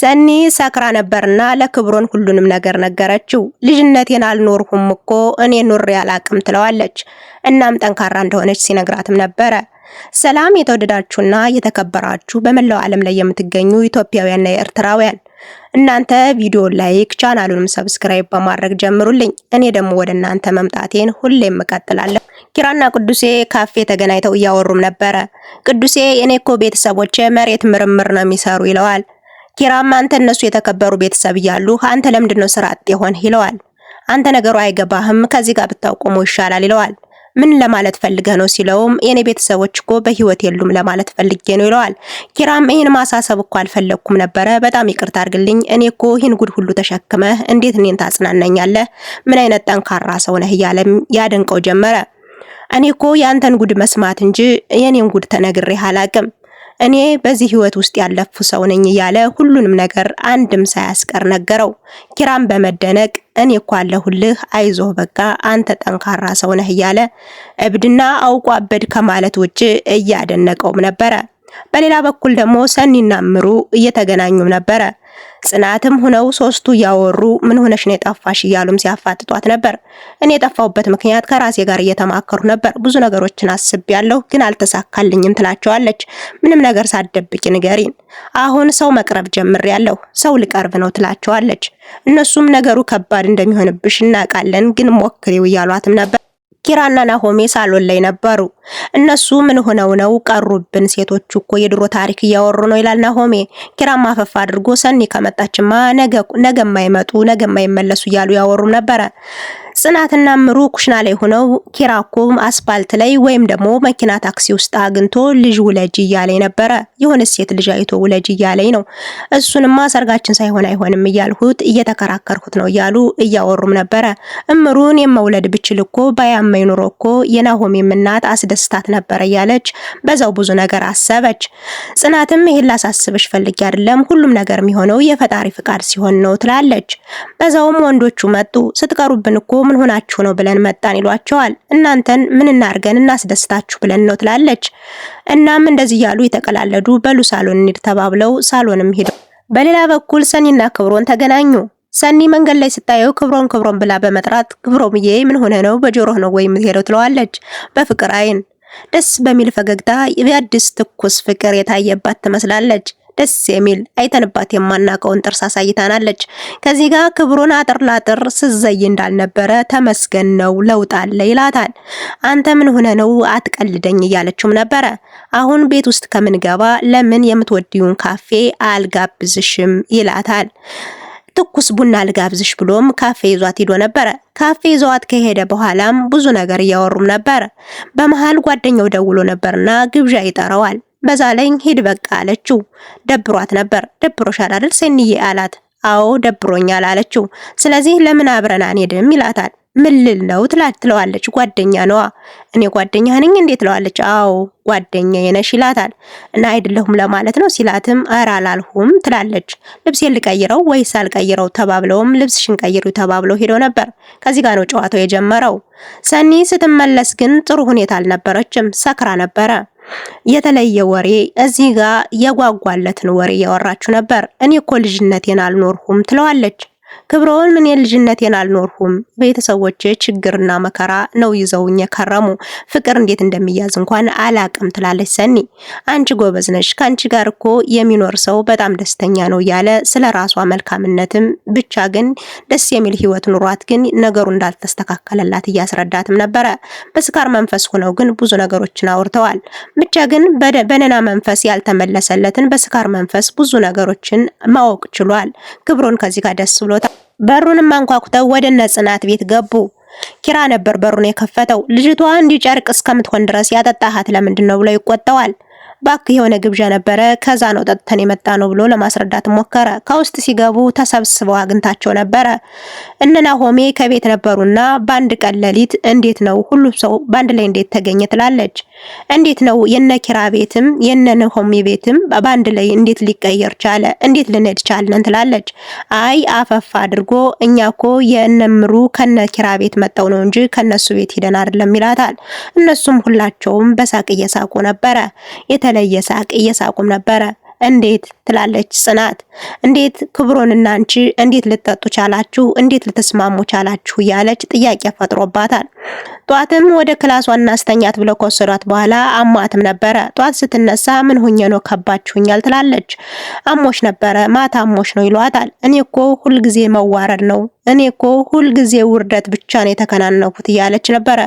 ሰኒ ሰክራ ነበርና ለክብሮን ሁሉንም ነገር ነገረችው። ልጅነቴን አልኖርሁም እኮ እኔ ኑሬ አላቅም ትለዋለች። እናም ጠንካራ እንደሆነች ሲነግራትም ነበረ። ሰላም የተወደዳችሁና የተከበራችሁ በመላው ዓለም ላይ የምትገኙ ኢትዮጵያውያንና ኤርትራውያን እናንተ ቪዲዮ ላይክ ቻናሉንም ሰብስክራይብ በማድረግ ጀምሩልኝ። እኔ ደግሞ ወደ እናንተ መምጣቴን ሁሌም እቀጥላለሁ። ኪራና ቅዱሴ ካፌ ተገናኝተው እያወሩም ነበረ። ቅዱሴ እኔ እኮ ቤተሰቦቼ መሬት ምርምር ነው የሚሰሩ ይለዋል። ኪራም አንተ እነሱ የተከበሩ ቤተሰብ እያሉ አንተ ለምንድን ስራ አጥ የሆን ይለዋል። አንተ ነገሩ አይገባህም ከዚህ ጋር ብታቆሙ ይሻላል ይለዋል። ምን ለማለት ፈልገ ነው ሲለውም የኔ ቤተሰቦች እኮ በህይወት የሉም ለማለት ፈልጌ ነው ይለዋል። ኪራም ይህን ማሳሰብ እኮ አልፈለግኩም ነበረ፣ በጣም ይቅርታ አድርግልኝ። እኔ እኮ ይህን ጉድ ሁሉ ተሸክመህ እንዴት እኔን ታጽናናኛለህ? ምን አይነት ጠንካራ ሰው ነህ? እያለም ያደንቀው ጀመረ። እኔ እኮ ያንተን ጉድ መስማት እንጂ የኔን ጉድ ተነግሬህ አላቅም እኔ በዚህ ህይወት ውስጥ ያለፉ ሰው ነኝ እያለ ሁሉንም ነገር አንድም ሳያስቀር ነገረው። ኪራም በመደነቅ እኔ እኮ አለሁልህ፣ አይዞህ፣ በቃ አንተ ጠንካራ ሰው ነህ እያለ እብድና አውቆ አበድ ከማለት ውጭ እያደነቀውም ነበረ። በሌላ በኩል ደግሞ ሰኒና ምሩ እየተገናኙም ነበረ። ጽናትም ሆነው ሶስቱ እያወሩ ምን ሆነሽ ነው የጠፋሽ እያሉም ሲያፋጥጧት ነበር። እኔ የጠፋሁበት ምክንያት ከራሴ ጋር እየተማከሩ ነበር። ብዙ ነገሮችን አስቤያለሁ፣ ግን አልተሳካልኝም ትላቸዋለች። ምንም ነገር ሳትደብቂ ንገሪን። አሁን ሰው መቅረብ ጀምሬያለሁ፣ ሰው ልቀርብ ነው ትላቸዋለች። እነሱም ነገሩ ከባድ እንደሚሆንብሽ እናውቃለን፣ ግን ሞክሪው እያሏትም ነበር። ኪራና ናሆሜ ሳሎን ላይ ነበሩ። እነሱ ምን ሆነው ነው ቀሩብን? ሴቶቹ እኮ የድሮ ታሪክ እያወሩ ነው ይላል ናሆሜ። ኪራም አፈፍ አድርጎ ሰኒ ከመጣችማ ነገ ነገ የማይመጡ ነገ የማይመለሱ እያሉ ያወሩ ነበረ። ጽናትና ምሩ ኩሽና ላይ ሆነው ኪራኩም አስፓልት ላይ ወይም ደግሞ መኪና ታክሲ ውስጥ አግኝቶ ልጅ ውለጅ እያለኝ ነበረ። የሆነ ሴት ልጅ አይቶ ውለጅ እያለኝ ነው። እሱንማ ሰርጋችን ሳይሆን አይሆንም እያልሁት እየተከራከርኩት ነው እያሉ እያወሩም ነበረ። እምሩን የመውለድ ብችል እኮ ባያመኝ ኑሮ እኮ የናሆም እናት አስደስታት ነበረ እያለች በዛው ብዙ ነገር አሰበች። ጽናትም ይሄን ላሳስብሽ ፈልጌ አይደለም፣ ሁሉም ነገር የሚሆነው የፈጣሪ ፍቃድ ሲሆን ነው ትላለች። በዛውም ወንዶቹ መጡ። ስትቀሩብን እኮ ምን ሆናችሁ ነው ብለን መጣን ይሏቸዋል። እናንተን ምን እናርገን እናስደስታችሁ ብለን ነው ትላለች። እናም እንደዚህ ያሉ የተቀላለዱ በሉ ሳሎን እንሂድ ተባብለው ሳሎንም ሄደው በሌላ በኩል ሰኒና ክብሮን ተገናኙ። ሰኒ መንገድ ላይ ስታየው ክብሮን ክብሮን ብላ በመጥራት ክብሮምዬ ምን ሆነ ነው በጆሮህ ነው ወይም ሄደው ትለዋለች። በፍቅር አይን ደስ በሚል ፈገግታ የአዲስ ትኩስ ፍቅር የታየባት ትመስላለች። ደስ የሚል አይተንባት የማናቀውን ጥርስ አሳይታናለች። ከዚህ ጋር ክብሩን አጥር ላጥር ስዘይ እንዳልነበረ ተመስገን ነው ለውጥ አለ ይላታል። አንተ ምን ሆነ ነው አትቀልደኝ እያለችውም ነበረ። አሁን ቤት ውስጥ ከምንገባ ለምን የምትወዲውን ካፌ አልጋብዝሽም ይላታል። ትኩስ ቡና ልጋብዝሽ ብሎም ካፌ ይዟት ሂዶ ነበረ። ካፌ ይዘዋት ከሄደ በኋላም ብዙ ነገር እያወሩም ነበር። በመሃል ጓደኛው ደውሎ ነበርና ግብዣ ይጠራዋል። በዛ ላይ ሂድ በቃ አለችው። ደብሯት ነበር። ደብሮሻል አይደል ሴንዬ አላት። አዎ ደብሮኛል አለችው። ስለዚህ ለምን አብረን አንሄድም ይላታል። ምልል ነው ትለዋለች። ጓደኛ ነዋ እኔ ጓደኛ ነኝ እንዴት ትለዋለች። አዎ ጓደኛ የነሽ ይላታል። እና አይደለሁም ለማለት ነው ሲላትም ኧረ አላልሁም ትላለች። ልብስ ልቀይረው ወይስ አልቀይረው ተባብለውም ልብስ ሽንቀይሩ ተባብለው ሄደው ነበር። ከዚህ ጋር ነው ጨዋታው የጀመረው። ሰኒ ስትመለስ ግን ጥሩ ሁኔታ አልነበረችም፣ ሰክራ ነበረ። የተለየ ወሬ እዚህ ጋር የጓጓለትን ወሬ እያወራችሁ ነበር። እኔ እኮ ልጅነቴን አልኖርሁም ትለዋለች። ክብረውን ምን የልጅነቴን አልኖርሁም። ቤተሰቦቼ ችግርና መከራ ነው ይዘውኝ የከረሙ። ፍቅር እንዴት እንደሚያዝ እንኳን አላቅም ትላለች ሰኒ። አንቺ ጎበዝ ነሽ፣ ከአንቺ ጋር እኮ የሚኖር ሰው በጣም ደስተኛ ነው እያለ ስለ ራሷ መልካምነትም ብቻ ግን ደስ የሚል ህይወት ኑሯት ግን ነገሩ እንዳልተስተካከለላት እያስረዳትም ነበረ። በስካር መንፈስ ሆነው ግን ብዙ ነገሮችን አውርተዋል። ብቻ ግን በነና መንፈስ ያልተመለሰለትን በስካር መንፈስ ብዙ ነገሮችን ማወቅ ችሏል። ክብሮን ከዚህ ጋር ደስ ብሎ በሩንም አንኳኩተው ወደ እነ ጽናት ቤት ገቡ። ኪራ ነበር በሩን የከፈተው። ልጅቷ እንዲህ ጨርቅ እስከምትሆን ድረስ ያጠጣሃት ለምንድን ነው ብለው ይቆጠዋል። ባክ የሆነ ግብዣ ነበረ ከዛ ነው ጠጥተን የመጣ ነው ብሎ ለማስረዳት ሞከረ። ከውስጥ ሲገቡ ተሰብስበው አግኝታቸው ነበረ። ሆሜ ከቤት ነበሩና በአንድ ቀን ሌሊት እንዴት ነው ሁሉ ሰው በአንድ ላይ እንዴት ተገኘ ትላለች። እንዴት ነው የነኪራ ቤትም የነናሆሜ ቤትም በአንድ ላይ እንዴት ሊቀየር ቻለ? እንዴት ልንሄድ ቻለን? ትላለች። አይ አፈፋ አድርጎ እኛ እኮ የእነምሩ ከነኪራ ቤት መጣው ነው እንጂ ከነሱ ቤት ሂደን አይደለም ይላታል። እነሱም ሁላቸውም በሳቅ እየሳቁ ነበረ። በተለየ ሳቅ እየሳቁም ነበረ። እንዴት ትላለች ጽናት። እንዴት ክብሮንና አንቺ እንዴት ልትጠጡ ቻላችሁ? እንዴት ልትስማሙ ቻላችሁ? እያለች ጥያቄ ፈጥሮባታል። ጧትም ወደ ክላሷ እናስተኛት ብለው ከወሰዷት በኋላ አሟትም ነበረ። ጧት ስትነሳ ምን ሁኜ ነው ከባችሁኛል? ትላለች። አሞሽ ነበረ ማታ አሞሽ ነው ይሏታል። እኔ እኮ ሁልጊዜ መዋረድ ነው እኔ እኮ ሁልጊዜ ውርደት ብቻ ነው የተከናነኩት እያለች ነበረ።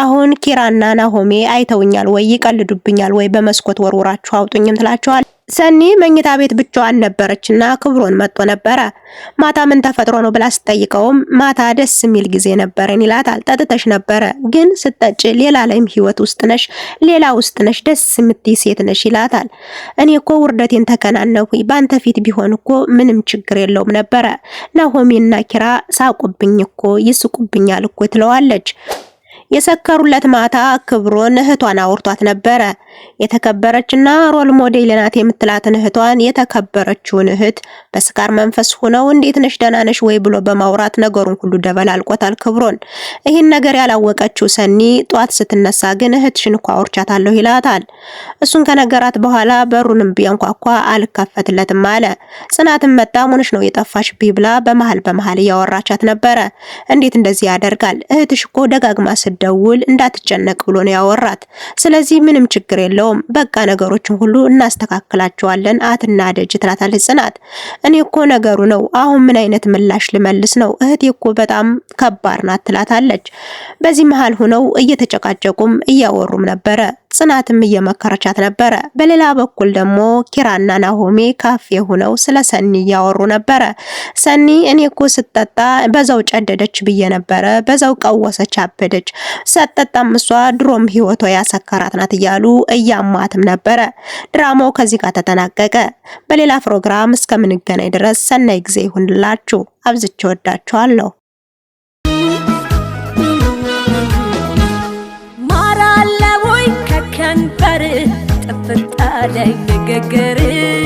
አሁን ኪራና ናሆሜ አይተውኛል ወይ ይቀልዱብኛል ወይ በመስኮት ወርውራችሁ አውጡኝም ትላቸዋል። ሰኒ መኝታ ቤት ብቻዋን ነበረችና ክብሮን መጥቶ ነበረ። ማታ ምን ተፈጥሮ ነው ብላ ስጠይቀውም ማታ ደስ የሚል ጊዜ ነበረን ይላታል። ጠጥተሽ ነበረ ግን ስጠጭ ሌላ ላይም ህይወት ውስጥ ነሽ፣ ሌላ ውስጥ ነሽ፣ ደስ የምትይ ሴት ነሽ ይላታል። እኔ እኮ ውርደቴን ተከናነብኩኝ፣ በአንተ ፊት ቢሆን እኮ ምንም ችግር የለውም ነበረ። ናሆሚና ኪራ ሳቁብኝ እኮ ይስቁብኛል እኮ ትለዋለች። የሰከሩለት ማታ ክብሮን እህቷን አውርቷት ነበረ። የተከበረችና ሮል ሞዴል ናት የምትላትን እህቷን የተከበረችውን እህት በስካር መንፈስ ሆነው እንዴት ነሽ ደህና ነሽ ወይ ብሎ በማውራት ነገሩን ሁሉ ደበላልቆታል ክብሮን። ይህን ነገር ያላወቀችው ሰኒ ጧት ስትነሳ ግን እህትሽን እኮ አውርቻታለሁ ይላታል። እሱን ከነገራት በኋላ በሩንም ቢያንኳኳ አልከፈትለትም አለ። ጽናትም መጣ ሙንሽ ነው የጠፋሽ ቢብላ በመሃል በመሃል እያወራቻት ነበረ። እንዴት እንደዚህ ያደርጋል እህትሽ እኮ ደጋግማ ስድ ብደውል እንዳትጨነቅ ብሎ ነው ያወራት። ስለዚህ ምንም ችግር የለውም በቃ ነገሮችን ሁሉ እናስተካክላቸዋለን አትናደጅ ትላታለች ጽናት። እኔ እኮ ነገሩ ነው አሁን ምን አይነት ምላሽ ልመልስ ነው እህቴ እኮ በጣም ከባድ ናት ትላታለች። በዚህ መሃል ሁነው እየተጨቃጨቁም እያወሩም ነበረ። ጽናትም እየመከረቻት ነበረ። በሌላ በኩል ደግሞ ኪራና ናሆሜ ካፌ ሆነው ስለ ሰኒ እያወሩ ነበረ። ሰኒ እኔ እኮ ስጠጣ በዛው ጨደደች ብዬ ነበረ፣ በዛው ቀወሰች፣ አበደች። ሳጠጣም እሷ ድሮም ህይወቷ ያሰከራት ናት እያሉ እያማትም ነበረ። ድራማው ከዚህ ጋር ተጠናቀቀ። በሌላ ፕሮግራም እስከምንገናኝ ድረስ ሰናይ ጊዜ ይሁንላችሁ። አብዝቼ ወዳችኋለሁ። ከንፈር ጥፍጣ ላይ ንግግር